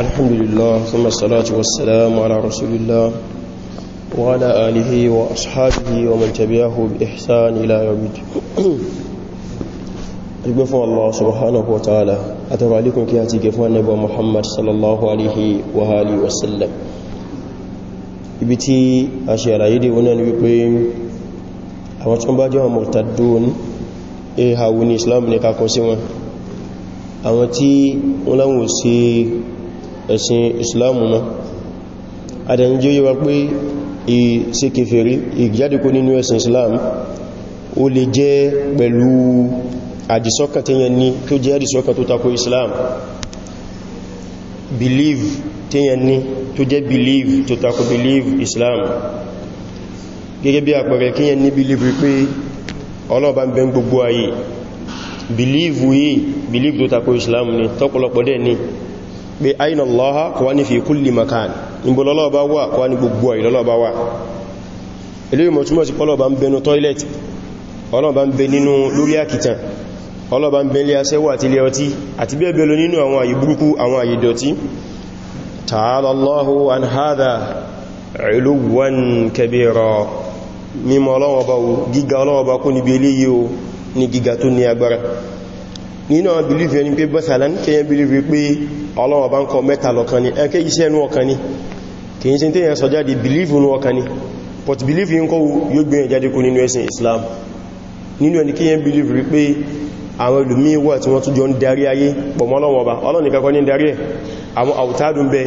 الحمد لله ثم الصلاة والسلام على رسول الله وعلى آله وأصحابه ومن تبعه بإحسان إلى يوم الدين أدوكم فún Allah subhanahu wa ta'ala àtọrọ alikun kí a ti gẹfún annabuwa Muhammad sallallahu alaihi wa alihi wasallam ibi tí a ṣe àlàyé dé wọ́n ni wípé àwọn tí wọ́n bá jẹ́ wọn murtaddun ehawu ni Islam ní kakọ sí wọn àwọn tí wọ́n láwọn ẹ̀sìn islamu ma adẹ̀ ń jíríwa pé ìṣe kèfèrí ìjádìkó nínú ẹ̀sìn islam ó lè jẹ́ pẹ̀lú àdìsọ́kà tẹ́yẹn ní tó jẹ́ àdìsọ́kà tó tako islam believe tẹ́yẹn ní tó jẹ́ believe tó tako believe islam gẹ́gẹ́ bí àpẹẹrẹ kíyẹn ní believe pé ọlọ́ọ̀bá ń bẹ gbogbo ayé believe yìí believe tó tako islam ni tọ́pọ̀lọpọ̀ dẹ̀ ni pé aina Allah kò wá ní fi kulli makan ìbòlọ́lọ́ bá wà kò wá ní gbogbo ìlọ́lọ́ bá wà ilé ìmọ̀ túnmọ̀ sí pọ́lọ̀ bá ń bẹnu toilet ọlọ́bá ń bẹ nínú lórí àkìtàn ọlọ́bá ń bẹ ilé aṣẹ́wà àti ilé ọtí àti bẹ́ẹ̀ bẹ́ẹ̀ lọ nínú àwọn àyè burúkú àwọn àyè dọ̀tí ọlọ́wọ̀ bá ń kọ mẹ́ta lọ́kan ni ẹkẹ́ iṣẹ́ inú ọkàn ni kì í ṣe tí yẹn sọ jáde believe inú ọkàn ni but believe yín kọ́ yóò gbé yẹn kú nínú ẹ̀sìn Islam nínú ẹni kí yẹn believe rí pé àwọn ìlúmí wà tí wọ́n tún jọ ń darí ayé pọ̀ mọ́ Ọlọ́run Ọba Ọlọ́run nìkan kọ́ ni darí ẹ̀ àwọn àwùtádù ń bẹ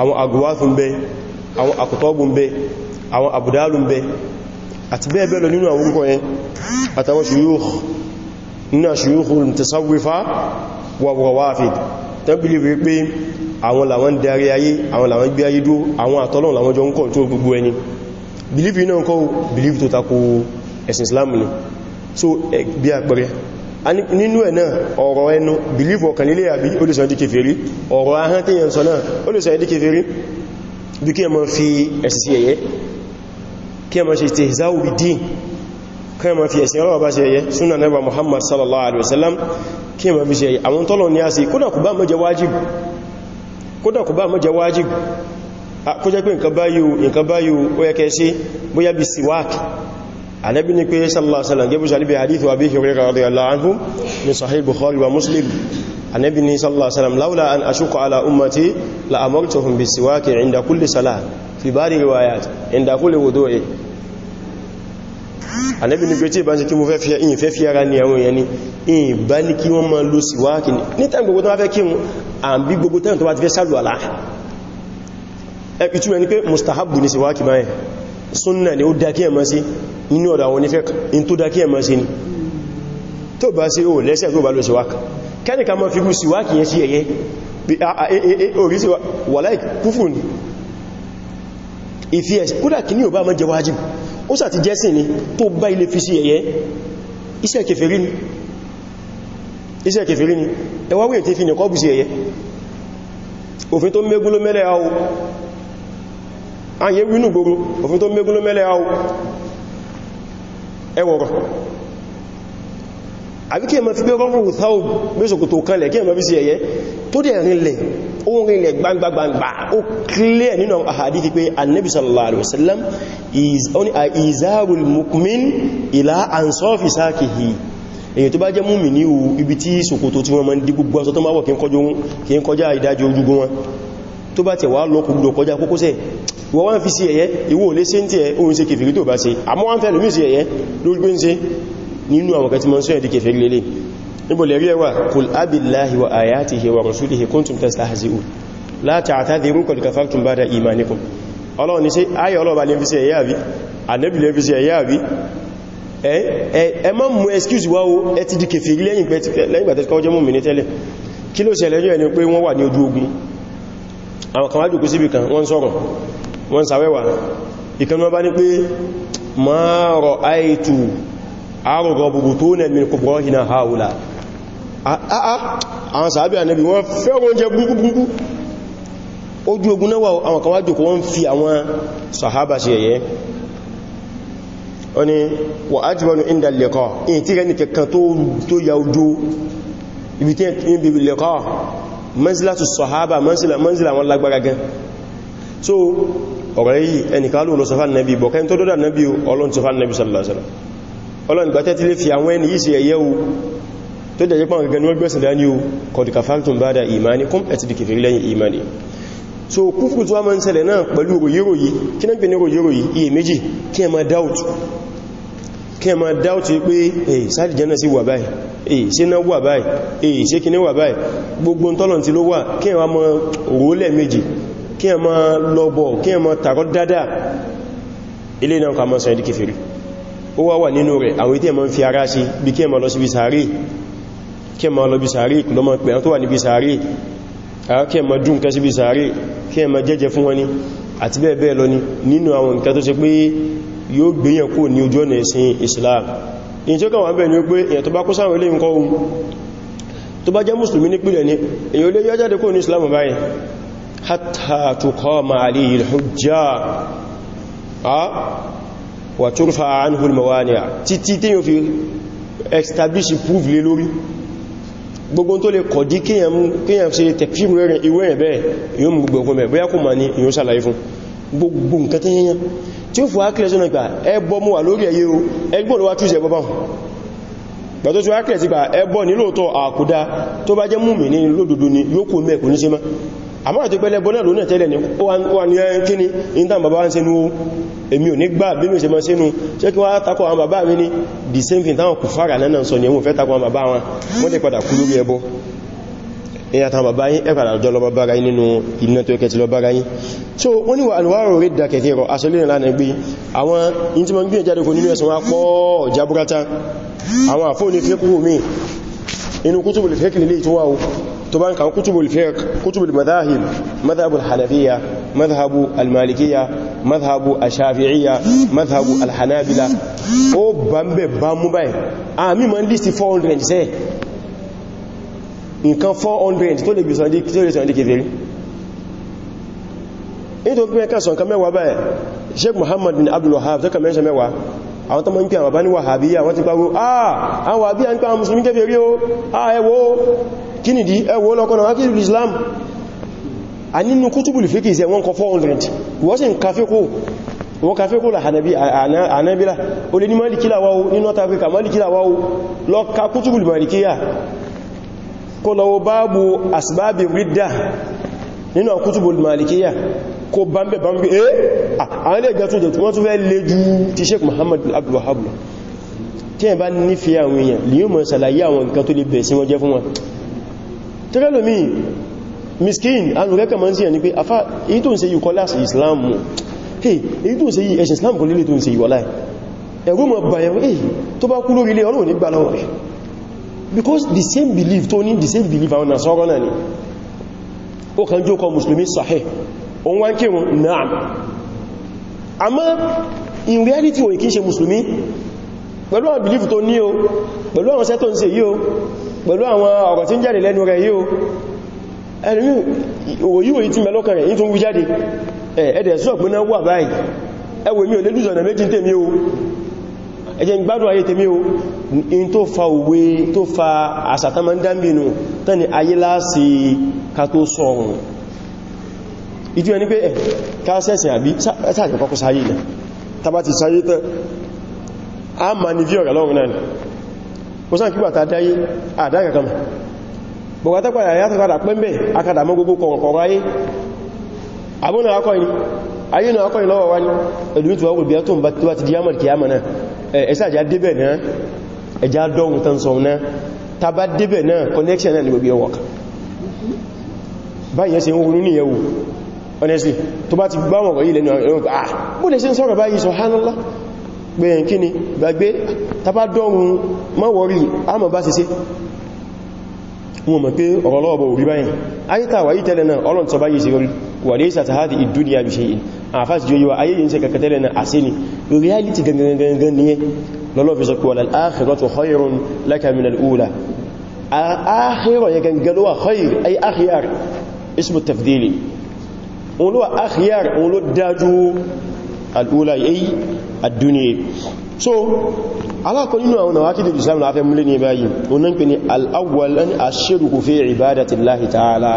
àwọn àgùwáfù ń bẹ àwọn àkùtọ́gbù ń bẹ àwọn àbùdálù ń tó believe pé àwọn làwọn darí ayé àwọn làwọn gbé ayé dúró àwọn àtọ́lọ́run làwọn jọ ń control gbogbo ẹni believe iná kọ́ believe tó tako ẹ̀sìn Islam ni so bí àpẹẹrẹ nínú ẹ̀ náà ọ̀rọ̀ ẹnu believe ọkàn lílé àbí ó lè sọ ẹdíkẹ fèrí ọ̀rọ̀ ahán tí yẹn sọ náà ó lè sọ ẹdíkẹ fèrí bí kí ẹ mọ́ fi ẹ̀sìn sí ẹ̀yẹ kí ẹ mọ́ ṣe tẹ̀záwò bí dín kí ma fi ẹ̀sìn ọlọ́wọ́ bá ṣe ẹyẹ súnà nẹ́bà Muhammad sallallahu alaihi wasallam kí ma fi ṣe ẹyẹ àwọn tọ́lọ̀ ní a sí kódà kò bá mọ́ jẹ wájìbù kódà kò bá mọ́ jẹ wájìbù kó jẹ́ pé nǹkan báyìí nǹkan báyìí ó yẹ kẹ́ sí bóyá bí siwak Ànábì ní pé sallallahu alaihi wasallam gẹ́bù salibi hadithu Abi Hurairah radiyallahu anhu ní Sahih Bukhari wa Muslim Ànábì ní sallallahu alaihi wasallam laula an ashuqa ala ummati la amartuhum bis siwak inda kulli salah fi bari riwayat inda kulli wudu'i anẹ́bí ní pé tí ìbá ń ṣe kí mo fẹ́ fi ara ní àwọn èèyàn ni ìbá ní kí wọ́n máa lo síwáàkì ní ní tàbí gbogbo tó wá fẹ́ kí wọn àbí gbogbo tẹ́rùn tó wá ti fẹ́ sálù àlá ìtumọ̀ ni pé mustahabu ní síwáàkì báyẹ̀ súnnà ni ó dákí ẹ̀mọ́ sí nínú ọ̀dọ̀ àwọn onífẹ́ in tó dákí ẹ̀mọ́ sí ni tó bá sí ó lẹ́sẹ̀ tó bá lo síwáàkì kẹ́nìkan mọ́ fi bú síwáàkì yẹn sí ẹ̀yẹ e, e, e, orí sí wà láì kúfù ní ìfíẹ̀sì kúdà kí ní ò mọ́ jẹ wájìbù ó sàti jẹ́sìn ni tó bá ilé fi sí ẹ̀yẹ́ iṣẹ́ kèfèrí ni iṣẹ́ kèfèrí ni ẹwà wíyẹ̀ tí fi ní kọ́bù sí ẹ̀yẹ́ òfin tó mẹ́gún ló mẹ́lẹ̀ àwọ̀ ayé wínú gbogbo òfin tó mẹ́gún ló mẹ́lẹ̀ àwọ̀ ẹwọ̀rọ̀ àbíkẹ́ ma fi pé rọ́rùn thau mẹ́sòkòtò kanlẹ̀ kí ẹ ma fi sí ẹ̀yẹ́ tó dẹ̀ rinlẹ̀ ó rinlẹ̀ gbangbangbangba ó clear nínú àhàdìtì pé annabi sallallahu alaihi wasallam izarul mukmin ila ansofi sakihi èyí tó bá jẹ́ múmi ní ibi tí ṣòkòtò tí wọ́n ma ń dí gbogbo aṣọ tó máa wọ̀ kí ń kọjá ìdájọ́ ojúgun wọn tó bá tẹ̀ wá lọ́kùnlọ kọjá kókósẹ̀ wọ́n wá ń fi sí ẹ̀yẹ́ ìwọ olé sí tí ẹ̀ oun ṣe kèfèrí tó bá ṣe àmọ́ wọ́n fẹ́ lómí sí ẹ̀yẹ́ lórí pé níbo lè rí ẹwà kul abillahi wa ayatihi wa rasulihi kuntum tastahzi'un la ta'tadhiru qad kafartum ba'da imanikum ọlọ́run ní sí ayé ọlọ́ba lè fi sí ẹ̀yà àbí ànẹ́bì lè fi sí ẹ̀yà àbí ẹ má mú excuse wá o ẹ ti di kèfèrí lẹ́yìn gbàtẹ́kọ́ jẹ́ mú mi ní tẹ́lẹ̀ kí ló ṣẹlẹ̀ yóò ẹni pé haula Ah, ah, ah. àwọn sàábí ànẹ́bí wọ́n fẹ́ràn oúnjẹ burúkú ojú ogun náà àwọn kan wá jòkó wọ́n fi àwọn sàhábà sí ẹ̀yẹ wọ́n ni wà á jùbọ́nù inda lẹ́kọ́ in tí rẹni kẹkàn tó ya ojú ibi tí ibi lẹ́kọ́ mẹ́sílá tó sàhábà mẹ́sílá wọn lágbára gan so ọ̀rọ̀ yìí ẹnìkan ló lọ sọfà nẹ́bí bọ̀kẹ́ tó dọ́dà nẹ́bí ọlọ́n sọfà nẹ́bí sallallahu alaihi wasallam ọlọ́n ìgbàtẹ́ tí lè fi àwọn ẹni yìí sí ẹ̀yẹ́ o tó jẹ́ pọ́n gẹ̀gẹ̀ ní wọ́n gbẹ̀sẹ̀ dání o kọ̀dùkà fàntùn bá da ìmáni kún ẹ̀tì di kèfèrí lẹ́yìn ìmáni so kúfù tó wá mọ́ ń ṣẹlẹ̀ náà pẹ̀lú ròyíròyí kí náà gbẹ̀ ní ròyíròyí iye méjì kí ẹ ma dáùtù kí ẹ ma dáùtù pé èyí sáàdì jẹ́nà sí wà báyìí èyí sí náà wà báyìí èyí sí kí ní wà báyìí gbogbo tọ́lọ̀ tí ló wà kí ẹ ma mọ rólẹ̀ méjì ilé náà kà mọ́ sọ ó wá wà nínú rẹ̀ àwọn ìtẹ́ ma ń fi ara sí bí kí ẹ lọ sí bí sàárè kí ẹ ma lọ bí sàárì kù lọ́mọ pẹ̀lú tó wà níbi sàárì kí ẹ ma dùn kẹ́ sí bí sàárì kí ma jẹ́jẹ fún wọn ni àti bẹ́ẹ̀ bẹ́ẹ̀ lọ ni nínú àwọn nǹkan tó ṣe pé yóò gbéyàn kó ní ojú ọ̀nà ẹ̀sìn Islam in tí ó kàn wà bẹ́ẹ̀ ni pé èyàn tó bá kó sáwọn ilé nǹkan ni Islam báyìí hatta tuqama alayhi al-hujja wa turfa anhu al-mawani' títí tí yóò fi establish proof lé gbogbo tó lè kọ̀dí kíyàn ṣe tẹ̀kfíìmù rẹ̀ ìwé rẹ̀ bẹ́ẹ̀ yóò mú gbogbo mẹ́ bóyá kò ma ní ìyóò sàlàyé fún gbogbo nǹkan tẹ́ yẹn tí ó fò ákìlẹ̀ sọ́nà ìgbà ẹbọ́ mú wà lórí ẹ̀yẹ o ẹgbọ́n ló wá túnṣẹ́ ẹbọ́ ni yóò kò mẹ́ kò ní ṣe àmọ́ àti pẹ́lẹ̀ bọ́nà lónà tẹ́lẹ̀ ní wà ní ẹn kí ní ìntàn bàbá ń sẹ́nu èmi ò ní gbà bí mi ṣe mọ́ sínú ṣe kí wá takọ̀ àwọn bàbá mi ní the same thing táwọn kò fara lẹ́nà sọ ní ẹmù fẹ́ takọ̀ àwọn bàbá wọn wọ́n ti padà kú lórí ẹbọ ìyàtàn bàbá yín ẹ̀kàdà àjọ ni wà alùwárò rí dàkẹ̀kẹ́ rọ asọ́lẹ̀ ìrìnlànà gbé àwọn in tí ma ń tó bá ń kàwọn kútùbùl fiqh kútùbùl madhahib madhabu al-hanafiya madhabu al-malikiya madhabu al-shafi'iya madhabu al-hanabila ó bá ń bẹ̀ bá mú báyìí a mí ma ń lísti 400 sẹ́ nǹkan 400 tó lè bí sọ́ndí kèfèrí nítorí pé ẹ̀kà sọ̀nkan mẹ́wàá báyìí sheikh muhammad bin abdul wahab tó kàmẹ́ṣẹ́ mẹ́wàá àwọn tó mọ́ ń pè àwọn bá ní wàhábíyà wọ́n ti pàwọ́ ah àwọn wàhábíyà ń pè àwọn musulmi kèfèrí o ah ẹwọ́ kí nìdí ẹwọ́ lọ́kọ́nà wákìlù Islam a nínú kútùbù lè fíkì ìsẹ̀ wọ́n kọ 400 wọ́n sì ń kafẹ́kọ́ wọ́n kafẹ́kọ́ là hànábílá o lè ní Málíkì la wà o ní North Africa Málíkì la wà o lọ ka kútùbù Málíkíyà kó lọ báàbù asbábi ridda nínú kútùbù Málíkíyà kó bámbẹ̀ bámbẹ̀ eh àwọn ilẹ̀ ìgbàtún jẹ̀ tí wọ́n tún fẹ́ lè jú ti Sheikh Muhammad Abdul Wahhab tí ẹ̀ bá nífẹ́ àwọn èèyàn lè tẹ́rẹlòmí miskin alùrẹ́kẹ̀ mọ́ sí ẹni pé afá èyí tó ń ṣe yìí kọ́ láti islam mú èyí tó ń ṣe yìí ẹ̀ṣẹ̀ islam kò lílé tó ń ṣe yìí wọláì ẹ̀rù mọ̀ bàyẹ̀wò èyí tó bá kú lórí ilé ọlọ́run ní gbà lọ́wọ́ because the same belief tó the same belief àwọn nasọ́rọ̀ náà ni ó kàn jókọ musulmi sahih òun wá ń kí wọn in reality òun kìí ṣe musulmi pẹ̀lú àwọn belief tó ní o pẹ̀lú àwọn sẹ́tọ̀ ń pẹ̀lú àwọn ọ̀rọ̀ tí ń jáde lẹ́nu rẹ̀ yíò ẹlùmí òwòyíwò yìí tí mẹ́lọ́kàn rẹ̀ yìí tó ń wú jáde ẹ̀ẹ́dẹ̀ sọ náà wà báyìí ẹwò mi lè lùzọ̀nà méjì o ẹjẹ́ gbádùn ayé tèmi o in tó fa òwe tó fa àsàtàmọ́ndámbìnù tẹ́ni ayé láàsì ká tó sọ̀rùn ìtú ẹni pé ẹ̀ àbí sáyé náà tàbátì sáyé a ma ní lọ́rùn náà kò sáà kígbà tàà dáyé àdáyà kan bọ̀gátà padà yá tàkàdà pẹ́m̀bẹ̀ akàdà mọ́ gbogbo kọ̀ọ̀kọ̀rọ̀ ayé abúnà akọ́ni ayé náà akọ́ni lọ́wọ́ wá ní ẹ̀lú ìtùwà wòlùbí tó ń bá ti di yámọ̀ kìyàmọ̀ náà ẹ̀sà connection náà ni gbogbo ẹwọ̀ kan báyìí honestly tó bá ti gbáwọn ọ̀rọ̀ ilẹ̀ náà ah, bó lè ṣe ń sọ̀rọ̀ báyìí subhanallah gbẹ̀yìn mọ́ wọ́rí àmọ́ bá ṣe ṣe wọn mọ̀ pé ọ̀rọ̀ lọ́wọ́ bọ̀ orí báyìí ayíta wà yí tẹ́lẹ̀ náà ọlọ́n tọba yìí sí orí wà lè sàtà hádì ìdúnìyà bí ṣe yìí àfáàsì jí yíwa ayé yìí sí kàkà tẹ́lẹ̀ náà àṣẹ ni reality gangan ni lọ́lọ́fi sọ pé wà al-akhiratu khayrun laka min al-ula al-akhirah yẹ gangan ló wà khayr ay akhyar ismu tafdili òun ló wà akhyar òun ló dájú al-ula yìí ad-dunya so alákọ̀ nínú àwọn àwákìdì islam láfẹ́ múlé ní báyìí onan pè ní al'awwalan aṣírùkú fi ìbádàtí láhì ta'ala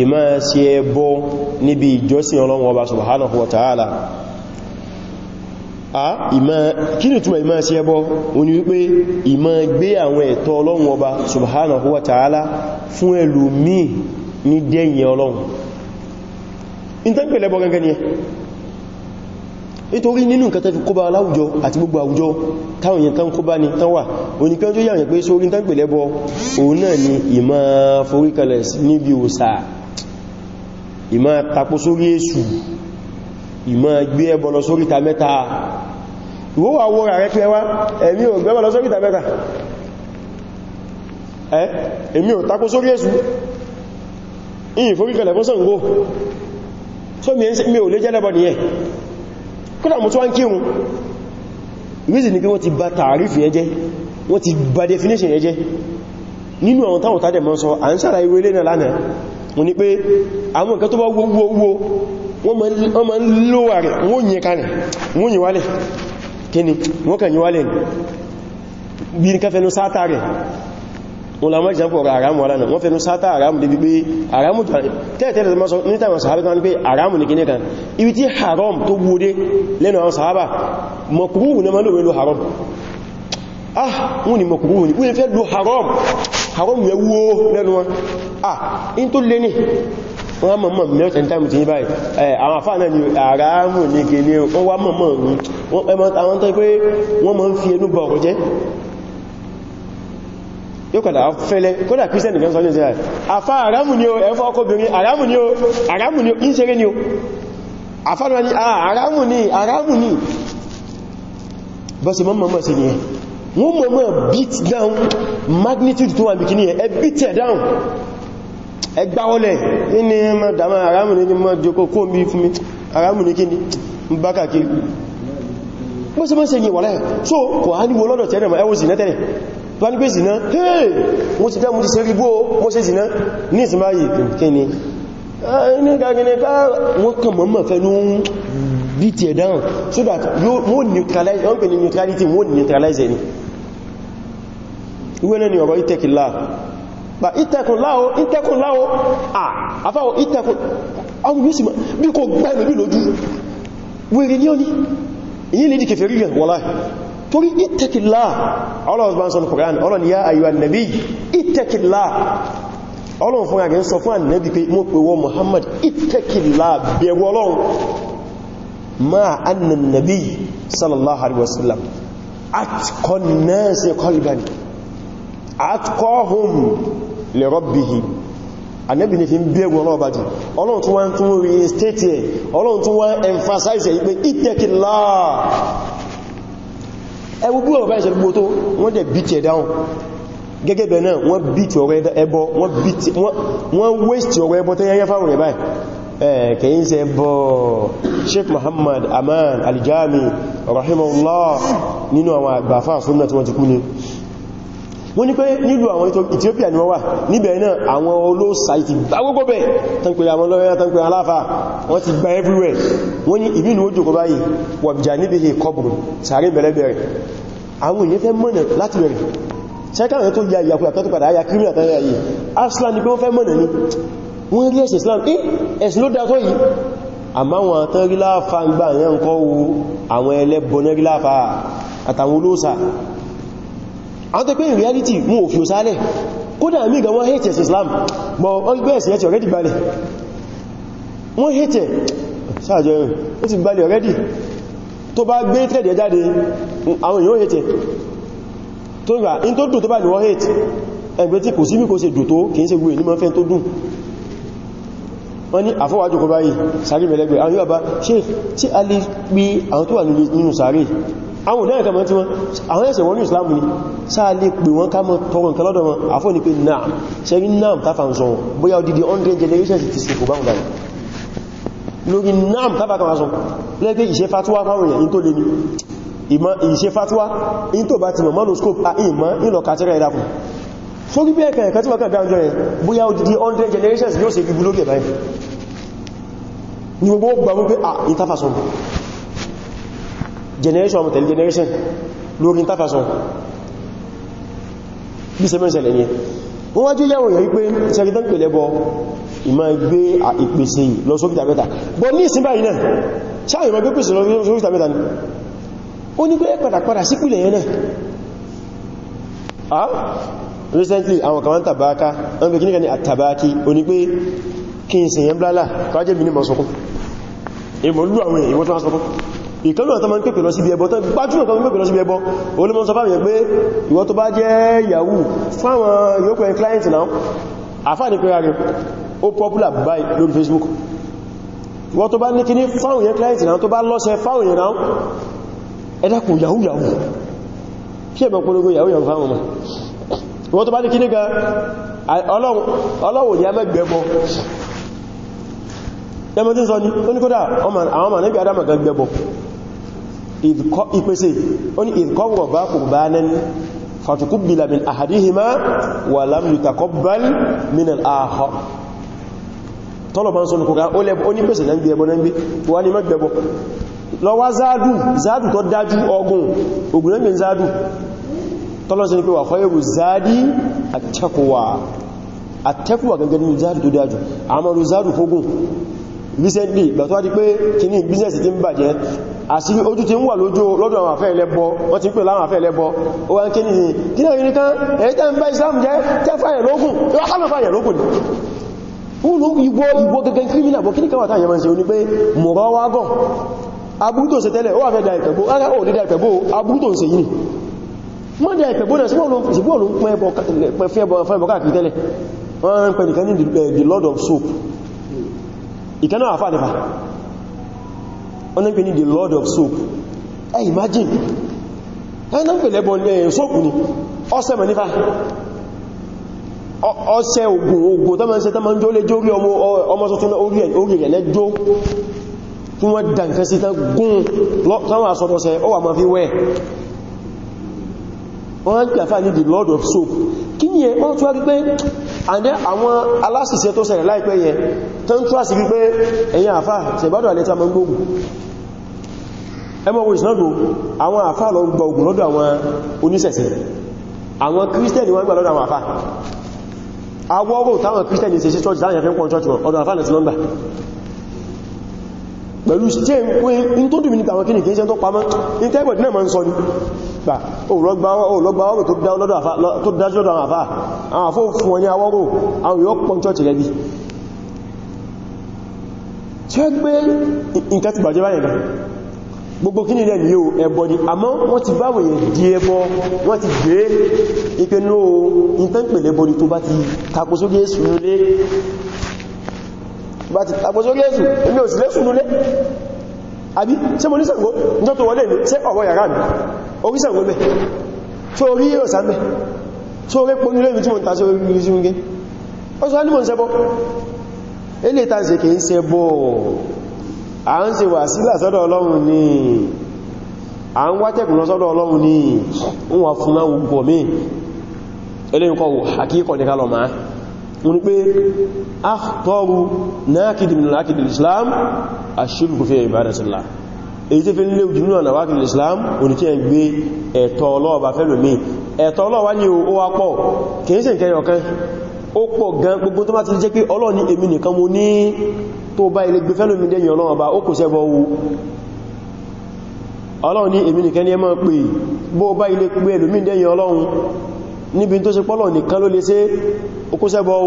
ìmá sí ẹbọ níbi ìjọsìn ọlọ́run ọba subhanahu wa ta'ala a ìmá kí ni túnmà ìmá sí ẹbọ oní wípé ìmá gbé àwọn ẹ̀tọ́ ọlọ́run ọba dẹ́yìn ọlọ́run nítorí nínú nǹkan tẹ́fi kóbá aláwùjọ àti gbogbo àwùjọ táwọn èèyàn tán kóbá ní tán wà oníkan tó yàrin pé sórí tán pèlẹ́ bọ òun náà ni ìmá foríkalẹ̀ níbi òsà ìmá tapó sórí èṣù ìmá gbé ẹbọ lọ sórí ta mẹ́ta ìwó wà wọ́ra rẹ̀ pé wá ẹ̀mí ò gbẹ́bọ̀ lọ sórí ta mẹ́ta kódà mo tó wá ń kírun reason ni pé wọ́n ti bà tààrífì yẹn wọ́n ti bà definition yẹn jẹ́ nínú àwọn táwọn tàdẹ̀ mọ́ sọ à ń sára ìwé lẹ́nà lánàá mo ní pé àwọn nǹkan tó bá wó wọ́n ma ń lówà rẹ̀ wọ́n yẹ rẹ̀ wọn la mọ́jì sápọ̀ àrámù aláàna wọ́n fẹ́nu sátá àrámù débi pé àrámù tẹ́ẹ̀tẹ́lẹ̀ tó mọ́sọ ní tàbí sàhábà kan pé àrámù ní kíní kan ibi tí haram tó wúdé lẹ́nu àwọn sàhábà mọ̀kúrúhù ní mọ́lò wẹ́lú haram ah wọ́n ni mọ̀kúrúhù ní wọ́n fẹ́ lo haram haram yẹ wó lẹ́nu wọn ah in tó lé ní wọ́n mọ̀ mọ̀ mẹ́ta ní tàbí tí ní báyìí eh, àwọn àfáà náà ni àrámù ní kíní wọ́n wá mọ̀ mọ̀ yóò kọ̀dà fẹ́lẹ́ kódà kírísẹ́nì gan àrámù ni o ẹ̀fọ́ ọkọ̀bìnrin àrámù ni o àrámù ni ó ń ṣeré ni ó àfáàrùn ni ah, àrámù ni àrámù ni bọ́sí mọ́mọ́ sí ni beat down magnitude tó wà bí kìíní ẹ beat down ẹ gbáwọ́lẹ̀ ní mọ́ dàmà àrámù ni so bá ní pé zina hey mo ti dá mo ti ṣe ribó mo ṣe zina ní ìsinmá yìí kí ni ní gagini ká wọ́n kàn mọ́mọ̀ fẹ́nu beat ẹ̀ down so that mo neutralize wọ́n pè ní neutrality mo neutralize ẹni ìwé náà ni ọ̀rọ̀ ìtẹ́kìlá bà ìtẹ́kùn láwọ́ ìtẹ́kùn láwọ́ àfáwọ̀ ìtẹ́kùn àwọn yóò sì mọ̀ bí kò gbá ìlú lójú wèrè ní ó ní èyí torí ìtẹ́kìlá ọlọ́ọ̀sán sọ Kùránì ọlọ́n ya ayyuha nabi ìtẹ́kìlá ọlọ́n fún àgẹ́ sọ fún ànẹ́bì pé mọ́ pẹ̀wọ́ Muhammad ìtẹ́kìlá bẹ̀rù ọlọ́run ma annan nabi sallallahu alaihi wasallam atqan nas qalban fi ń bẹ̀rù ọlọ́run bá jù ọlọ́run tún wá ń tún reinstate ẹ̀ ọlọ́run tún wá ń emphasize ẹ̀ ẹwú bí wọ́n bá ìṣẹ́ gbogbo tó wọ́n dẹ̀ bí tẹ̀ dáhùn gẹ́gẹ́ bẹ̀ náà wọ́n bí tí ọ̀rọ̀ ẹbọ wọ́n wéṣtì ọ̀rọ̀ ẹbọ tó yẹ́ fáwọn rẹ̀ báyìí kẹ̀yìn sẹ bọ̀ Sheikh Muhammad Aman Al-Jami rahimahullah nínú àwọn àgbàfà súnnà tí wọ́n ni pé nílùú àwọn Ethiopia ni wọ́n wà níbẹ̀ náà àwọn olóòsà ti gbá gbogbo bẹ̀ tán pé àwọn lọ́rẹ́ tán aláfà wọ́n ti gba everywhere wọ́n ní ìbínú ó jòkó báyìí wọ̀bìjà níbi lè kọbùrù sàárè bẹ̀rẹ̀bẹ̀rẹ̀ àwọn èèyàn fẹ́ mọ̀nà láti bẹ̀rẹ̀ ṣẹ́kàrẹ̀ tó ya ìyàkúyà aslan ni pé wọ́n fẹ́ mọ̀nà ní wọ́n rí ẹ̀sìn Islam eh ẹ̀sìn ló dátọ́ yìí àmá wọn tán rí láàfà ń gbà yẹn àwọn tó pé in reality mú òfin òsálẹ̀ kódà mí gan wọ́n hate ẹ̀sìn Islam mọ̀ ọgbẹ́ ẹ̀sìn ẹ̀ ti already balẹ̀ wọ́n hate ẹ̀ sáàjọ ẹ̀rùn ó ti balẹ̀ already tó bá gbé tẹ́ẹ̀dẹ̀ jáde àwọn èèyàn hate tó ń gbà in tó dùn tó hate ẹgbẹ́ tí kò sí mí kò ṣe dùn tó kìí ṣe gbé ní mọ́fẹ́ tó dùn wọ́n ní àfọwájú kó báyìí sáré mẹ́lẹ́gbẹ̀ẹ́ àwọn yóò bá ṣe tí a lè pí àwọn tó àwọn òdáyẹ̀ kàmọ́ tí wọ́n àwọn ẹ̀sẹ̀ wọ́n ní Islam ni sáà lè pè wọ́n ká mọ́ tọrọ nǹkan lọ́dọ̀ wọn àfọ́ ní pé náà ṣe rí náà tàfà ń sọ bóyá odidi 100 generations ti sì kò bá wọn dáyẹ̀ lórí náà tàbà kan aṣọ lẹ́gbẹ́ ìṣe fatuwa fáwọn èèyàn tó lè ní ìmọ̀ ìṣe fatuwa in tó bá ti mọ̀ monoscope a ìmọ̀ ìlọ kàtẹ́rẹ̀ ìdákùn sórí bí ẹ̀kẹ̀ ẹ̀kẹ́ tí wọ́n kàn generation ọmọ tẹ̀lé generation lórí tafasọ bí se mẹ́sẹ̀lẹ̀ ní wọ́n wájú yẹ́wọ̀n yẹ̀ wípé sẹ́gidán pẹ̀lẹ̀ bọ ìmá gbé ìpèsè lọ sókítà mẹ́ta bọ́ ní ìsìn báyìí náà sáàyè ma gbé pèsè lọ sókítà mẹ́ta ni ó ní pé padàpadà sípìlẹ̀ yẹn náà recently àwọn kan tàbáká wọ́n pè kí níkan ni àtàbákí ó ní pé kí n sèyàn blálà kájẹ́ bí ní mọ̀ sọkún ìmọ̀lú àwọn èèyàn tó wá sọkún ìtọ́lù ọ̀tọ́ ma ń pèpè lọ sí ibi ẹbọ tán gbájúmọ̀ kan pèpè lọ sí ibi ẹbọ olómọ́ sọ fáwọn èèyàn pé ìwọ tó bá jẹ́ yahoo fáwọn yòókù ẹ̀ client náà àfáà ní pé rárẹ̀ ó popular by lórí Facebook ìwọ tó bá ní kíní fáwọn èèyàn client náà tó bá lọ́sẹ̀ fáwọn èèyàn náà ẹ̀dàkùn yahoo yahoo kí ẹ̀mọ̀ polówó yahoo yahoo fáwọn ọmọ ìwọ tó bá ní kíní gan ọlọ́wọ̀ ni a mẹ́gbẹ̀ẹ́bọ ẹmọdé sọ ní ó ní kódà àwọn ọmọ níbi adama gan gbẹbọ ìpèsè ó ní ìkọwọ̀ bá kò bá nẹ́ni fàtukúbìlà min àhàdíhìmá wà lámùtakọ́bal min al-akhar tọ́lọ̀ bá ń sọ ní kòkà ó lẹ́bọ̀ ó ní pèsè náà gbẹbọ náà gbé wà ní mẹ́gbẹbọ lọ wá záàdù záàdù tó dájú ọgùn ogun náà gbé záàdù tọ́lọ̀ fógún recently ìgbà tó wá di pé kìíní business ti ń bàjẹ́ àti ojú ti ń wà lójú lọ́dọ̀ àwọn àfẹ́ ẹlẹ́bọ wọ́n ti ń pè láwọn àfẹ́ ẹlẹ́bọ ó wá ń kí ní kí náà yìí kan èyí tẹ́ ń bá Islam jẹ́ tẹ́ fàyẹ̀ lókùn tó wá kánà fàyẹ̀ lókùn ìwọ ìwọ gẹ́gẹ́ criminal bọ̀ kí ní káwàtà yẹmọ̀ sí oní pé mọ̀rọ̀ wá gọ̀ aburú tó ń ṣe tẹ́lẹ̀ ó wà fẹ́ da ìpẹ̀gbó ara ò ní da ìpẹ̀gbó aburú tó ń ṣe yìí mọ́ da ìpẹ̀gbó náà sí bọ́ọ̀lù fẹ́ bọ̀ káàkiri tẹ́lẹ̀ wọ́n ń pẹ̀ nìkan ní the eh, lord of soap ìkaná àfà nípa wọ́n ń pè ní the lord of soap ẹ imagine ẹ̀nà ń pè lẹ́bọ̀ sóòpù ni ọṣẹ mọ̀ nípa ọṣẹ ogun ogun tó máa ń ṣe tó máa ń jó lé jó rí ọmọ tuntun orí rẹ̀ lẹ́jọ́ tí wọ́n dà nǹkan sí tán gún láwọn asọ́dọ̀ṣẹ́ ó wà máa fi wẹ́ wọ́n ń the lord of soap kí ni ẹ̀ wọ́n tún wá rí pé àwọn aláṣìṣẹ́ tó ṣẹlẹ̀ láìpẹ́ yẹn tó ń tó àsì wípé ẹ̀yìn àfá tẹ̀bádọ̀ alẹ́ta mọ́ gbógun ẹmọ́wò ìsìnàgbò àwọn àfá lọ gba ogun lọ́dọ̀ àwọn oníṣẹ̀ṣe àwọn kírísítẹ̀nì wọ́n gbà lọ́dọ̀ àwọn àfá awọ́rò táwọn kírísítẹ̀nì ṣe sí church láyẹ̀ fẹ́ pọ̀ church wọn ọdọ̀ àfá lẹ́tí lọ́gbà pẹ̀lú ṣe ń pín in tó dùmí nípa àwọn kíni kìí ṣe tó pamọ́ in tẹ́gbẹ̀dì náà ma ń sọ ní gbà òlọ́gbà ọ̀rọ̀ tó dájú lọ́dọ̀ àfá àwọn àfó tí ó gbé nǹkan ti bàjẹ́ báyìí gan gbogbo kí nílẹ̀ ní o ẹbọ ni àmọ́ wọ́n ti bá wòye di ẹbọ wọ́n ti gbé ipé o ìtẹ́ǹpẹ̀lẹ̀ bọ́ ni tó bá ti tako sókè súnulé bá ti tako sókè súnulé àbí ṣe mo ní Ṣàngó ní tó wọlé ní ṣe ọ̀wọ̀ yàrá mi orí Ṣàngó mẹ́ tó rí ìrọ̀sá mẹ́ tó rí pọ̀ nílé mi tí mo ń ta ilé ta ṣe kìí ṣe bọ́ à ń ṣe wà sílà sọ́dọ̀ ọlọ́run ní à ń wá tẹ́kùn lọ sọ́dọ̀ ọlọ́run ní wọ́n fún náà gbogbo mí ilé nǹkan wò àkíkọ̀ wọn islam aṣírùkú fi ìbádatillah èyí tí fi ń islam gbé ẹ̀tọ́ ọlọ́ọ̀bá ẹ̀tọ́ ọlọ́ọ̀wá ní kìí sí ó pọ̀ gan gbogbo tó bá ti jẹ́ pé Ọlọ́run ni to nìkan mo ní tó bá ilé gbé fẹ́lómi dẹ́yìn Ọlọ́run ọba ó kò sẹ́bọ̀ wu Ọlọ́run ni èmi nìkan ní ẹ máa pè bó bá ilé gbé ẹlòmí dẹ́yìn Ọlọ́run níbi tó pọ́lọ̀ nìkan ló lè ó kò sẹ́bọ̀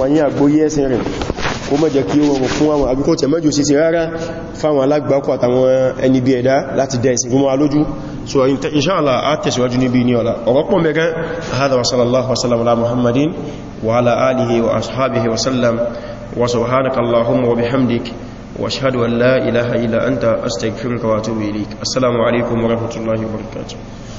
ọba ilé kó má jẹ́ kí ó rọrùn fún àwọn àbíkò tẹ̀ mẹ́jọ síse rárá fáwọn alágbàkọ̀ àtàwọn ẹni bí ẹ̀dá láti dẹ̀ ìsìn fún alójú so inṣáàlá a tẹ̀síwájú níbi ní ọ̀la ọ̀rọ̀pọ̀ mẹ́gan hada wa